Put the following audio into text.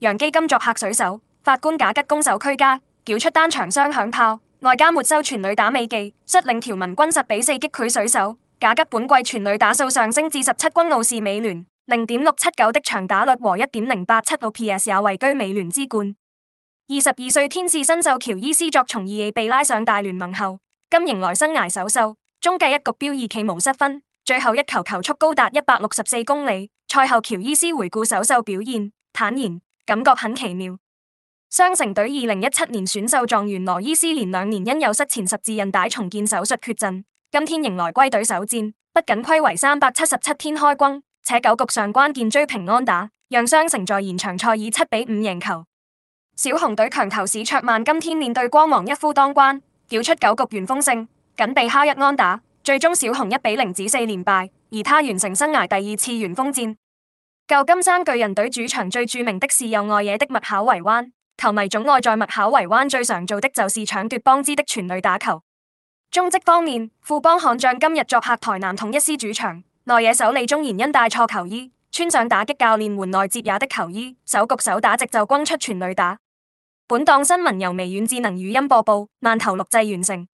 洋基今作客水手，法官賈吉攻守俱佳，繳出單場雙響炮，外加沒收全壘打美技，率領條紋軍十比四擊潰水手。賈吉本季全壘打數上升至十七，均傲視美聯。零點六七九的長打率和一點零八七六 OPS 也位居美聯之冠。二十二歲天使新秀喬伊斯作從 2A 被拉上大聯盟後，今迎來生涯首秀，中繼一局飆二企無失分，最後一球球速高達一百六十四公里。賽後喬伊斯回顧首秀表現，坦言。感覺很奇妙。雙城隊二零一七年選秀狀元羅伊斯連兩年因有膝前十字韌帶重建手術缺陣，今天迎來歸隊首戰，不僅歸為三百七十七天開轟，且九局上關鍵追平安打，讓雙城在延長賽以七比五贏球。小熊隊強投史卓曼今天面對光芒一夫當關，繳出九局完封勝，僅被敲一安打，最終小熊一比零止四連敗，而他完成生涯第二次完封戰。舊金山巨人隊主場最著名的是右外野的麥考維灣，球迷總愛在麥考維灣最常做的就是搶奪邦茲的全壘打球。中職方面，富邦悍將今日作客台南統一獅主場，內野手李宗賢因帶錯球衣，穿上打擊教練換內接也的球衣，首局首打席就轟出全壘打。本檔新聞由微軟智能語音播報，慢投錄製完成。